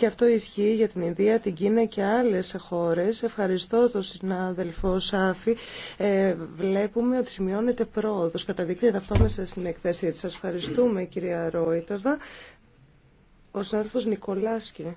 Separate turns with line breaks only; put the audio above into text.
Και αυτό ισχύει για την Ινδία, την Κίνα και άλλες χώρες. Ευχαριστώ τον συνάδελφο Σάφη. Ε, βλέπουμε ότι σημειώνεται πρόοδος. Καταδεικνύεται αυτό μέσα στην εκθέση Σας ευχαριστούμε κυρία Ρόιτεβα. Ο συνάδελφος Νικολάσκη.